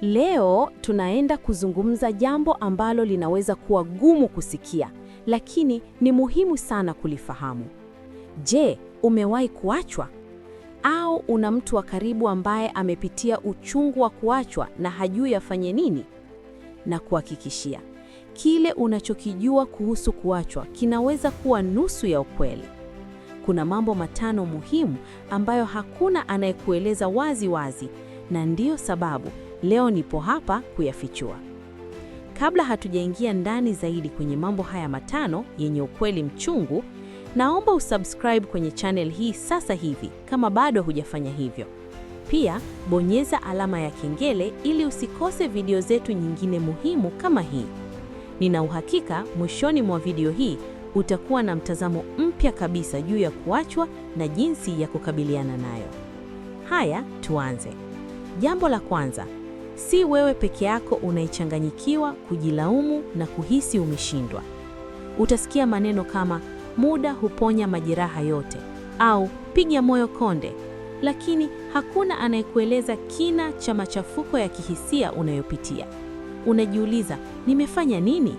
Leo tunaenda kuzungumza jambo ambalo linaweza kuwa gumu kusikia, lakini ni muhimu sana kulifahamu. Je, umewahi kuachwa? Au una mtu wa karibu ambaye amepitia uchungu wa kuachwa na hajui afanye nini? Na kuhakikishia, kile unachokijua kuhusu kuachwa kinaweza kuwa nusu ya ukweli. Kuna mambo matano muhimu ambayo hakuna anayekueleza wazi wazi, na ndiyo sababu Leo nipo hapa kuyafichua. Kabla hatujaingia ndani zaidi kwenye mambo haya matano yenye ukweli mchungu, naomba usubscribe kwenye channel hii sasa hivi kama bado hujafanya hivyo. Pia bonyeza alama ya kengele ili usikose video zetu nyingine muhimu kama hii. Nina uhakika mwishoni mwa video hii utakuwa na mtazamo mpya kabisa juu ya kuachwa na jinsi ya kukabiliana nayo. Haya, tuanze. Jambo la kwanza, Si wewe peke yako unaichanganyikiwa, kujilaumu na kuhisi umeshindwa. Utasikia maneno kama muda huponya majeraha yote au piga moyo konde, lakini hakuna anayekueleza kina cha machafuko ya kihisia unayopitia. Unajiuliza, nimefanya nini?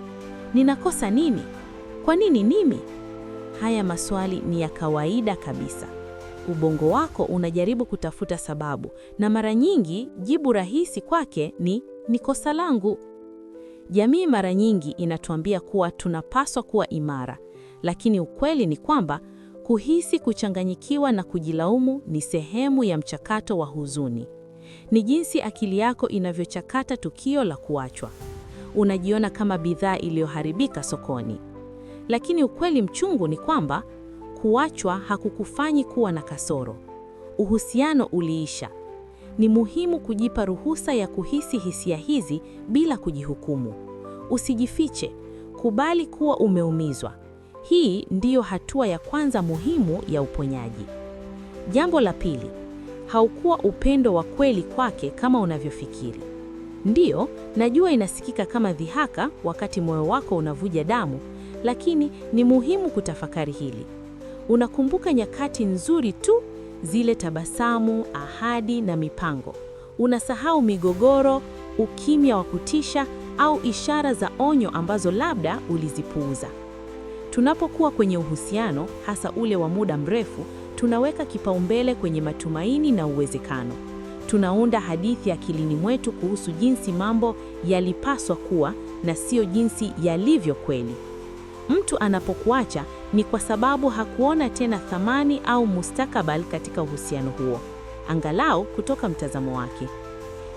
Ninakosa nini? Kwa nini mimi? Haya maswali ni ya kawaida kabisa ubongo wako unajaribu kutafuta sababu, na mara nyingi jibu rahisi kwake ni ni kosa langu. Jamii mara nyingi inatuambia kuwa tunapaswa kuwa imara, lakini ukweli ni kwamba kuhisi kuchanganyikiwa na kujilaumu ni sehemu ya mchakato wa huzuni. Ni jinsi akili yako inavyochakata tukio la kuachwa. Unajiona kama bidhaa iliyoharibika sokoni, lakini ukweli mchungu ni kwamba Kuachwa hakukufanyi kuwa na kasoro. Uhusiano uliisha. Ni muhimu kujipa ruhusa ya kuhisi hisia hizi bila kujihukumu. Usijifiche, kubali kuwa umeumizwa. Hii ndiyo hatua ya kwanza muhimu ya uponyaji. Jambo la pili, haukuwa upendo wa kweli kwake kama unavyofikiri. Ndiyo, najua inasikika kama dhihaka wakati moyo wako unavuja damu, lakini ni muhimu kutafakari hili. Unakumbuka nyakati nzuri tu, zile tabasamu, ahadi na mipango. Unasahau migogoro, ukimya wa kutisha au ishara za onyo ambazo labda ulizipuuza. Tunapokuwa kwenye uhusiano, hasa ule wa muda mrefu, tunaweka kipaumbele kwenye matumaini na uwezekano. Tunaunda hadithi akilini mwetu kuhusu jinsi mambo yalipaswa kuwa na sio jinsi yalivyo kweli. Mtu anapokuacha ni kwa sababu hakuona tena thamani au mustakabali katika uhusiano huo, angalau kutoka mtazamo wake.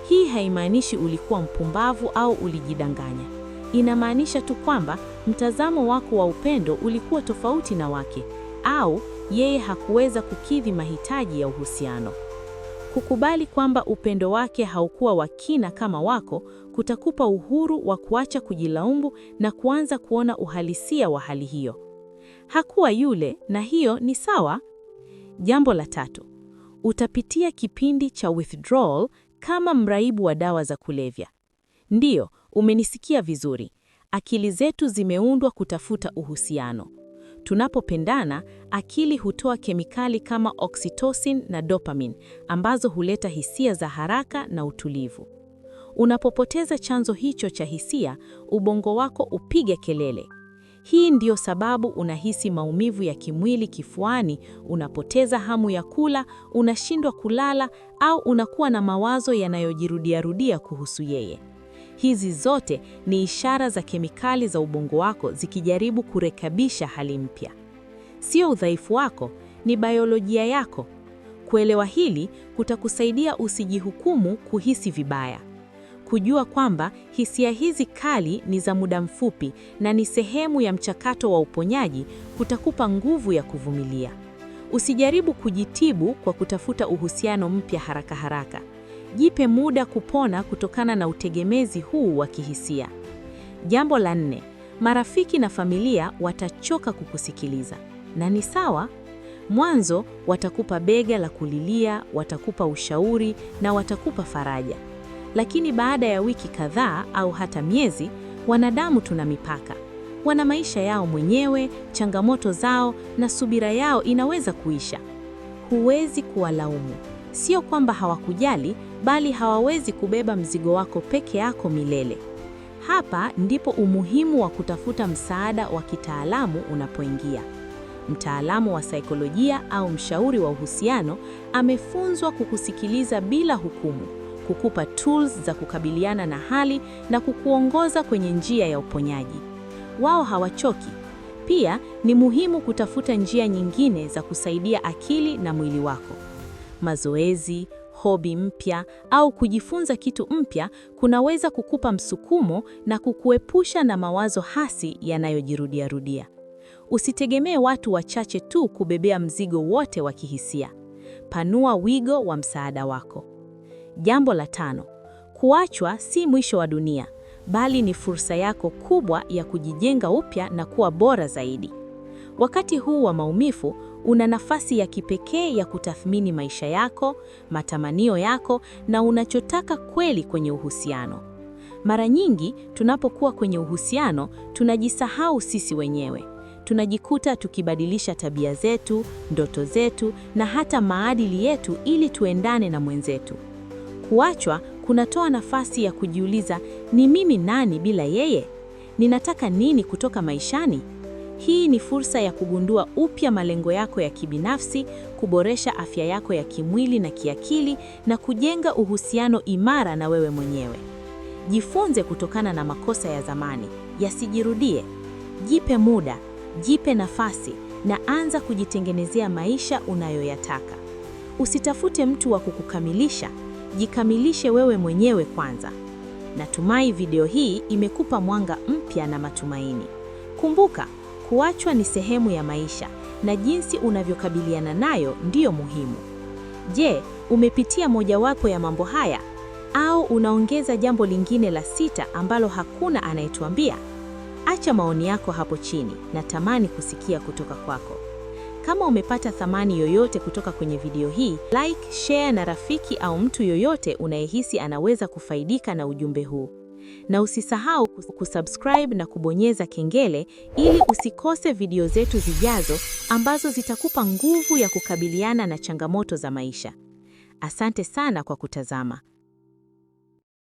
Hii haimaanishi ulikuwa mpumbavu au ulijidanganya. Inamaanisha tu kwamba mtazamo wako wa upendo ulikuwa tofauti na wake, au yeye hakuweza kukidhi mahitaji ya uhusiano. Kukubali kwamba upendo wake haukuwa wa kina kama wako kutakupa uhuru wa kuacha kujilaumu na kuanza kuona uhalisia wa hali hiyo. Hakuwa yule na hiyo ni sawa. Jambo la tatu, utapitia kipindi cha withdrawal kama mraibu wa dawa za kulevya. Ndiyo, umenisikia vizuri. Akili zetu zimeundwa kutafuta uhusiano. Tunapopendana, akili hutoa kemikali kama oxytocin na dopamine ambazo huleta hisia za haraka na utulivu. Unapopoteza chanzo hicho cha hisia, ubongo wako upige kelele. Hii ndiyo sababu unahisi maumivu ya kimwili kifuani, unapoteza hamu ya kula, unashindwa kulala au unakuwa na mawazo yanayojirudiarudia kuhusu yeye. Hizi zote ni ishara za kemikali za ubongo wako zikijaribu kurekebisha hali mpya. Sio udhaifu wako, ni biolojia yako. Kuelewa hili kutakusaidia usijihukumu kuhisi vibaya, kujua kwamba hisia hizi kali ni za muda mfupi na ni sehemu ya mchakato wa uponyaji kutakupa nguvu ya kuvumilia. Usijaribu kujitibu kwa kutafuta uhusiano mpya haraka haraka jipe muda kupona kutokana na utegemezi huu wa kihisia. Jambo la nne, marafiki na familia watachoka kukusikiliza na ni sawa. Mwanzo watakupa bega la kulilia, watakupa ushauri na watakupa faraja, lakini baada ya wiki kadhaa au hata miezi, wanadamu tuna mipaka. Wana maisha yao mwenyewe, changamoto zao, na subira yao inaweza kuisha. Huwezi kuwalaumu. Sio kwamba hawakujali, bali hawawezi kubeba mzigo wako peke yako milele. Hapa ndipo umuhimu wa kutafuta msaada wa kitaalamu unapoingia. Mtaalamu wa saikolojia au mshauri wa uhusiano amefunzwa kukusikiliza bila hukumu, kukupa tools za kukabiliana na hali na kukuongoza kwenye njia ya uponyaji. Wao hawachoki. Pia ni muhimu kutafuta njia nyingine za kusaidia akili na mwili wako mazoezi, hobi mpya au kujifunza kitu mpya kunaweza kukupa msukumo na kukuepusha na mawazo hasi yanayojirudia rudia. Usitegemee watu wachache tu kubebea mzigo wote wa kihisia. Panua wigo wa msaada wako. Jambo la tano, kuachwa si mwisho wa dunia, bali ni fursa yako kubwa ya kujijenga upya na kuwa bora zaidi. Wakati huu wa maumivu Una nafasi ya kipekee ya kutathmini maisha yako, matamanio yako na unachotaka kweli kwenye uhusiano. Mara nyingi tunapokuwa kwenye uhusiano, tunajisahau sisi wenyewe. Tunajikuta tukibadilisha tabia zetu, ndoto zetu na hata maadili yetu ili tuendane na mwenzetu. Kuachwa kunatoa nafasi ya kujiuliza, ni mimi nani bila yeye? Ninataka nini kutoka maishani? Hii ni fursa ya kugundua upya malengo yako ya kibinafsi, kuboresha afya yako ya kimwili na kiakili na kujenga uhusiano imara na wewe mwenyewe. Jifunze kutokana na makosa ya zamani, yasijirudie. Jipe muda, jipe nafasi na anza kujitengenezea maisha unayoyataka. Usitafute mtu wa kukukamilisha, jikamilishe wewe mwenyewe kwanza. Natumai video hii imekupa mwanga mpya na matumaini. Kumbuka, Kuachwa ni sehemu ya maisha na jinsi unavyokabiliana nayo ndiyo muhimu. Je, umepitia mojawapo ya mambo haya au unaongeza jambo lingine la sita ambalo hakuna anayetuambia? Acha maoni yako hapo chini, natamani kusikia kutoka kwako. Kama umepata thamani yoyote kutoka kwenye video hii, like, share na rafiki au mtu yoyote unayehisi anaweza kufaidika na ujumbe huu na usisahau kusubscribe na kubonyeza kengele ili usikose video zetu zijazo ambazo zitakupa nguvu ya kukabiliana na changamoto za maisha. Asante sana kwa kutazama.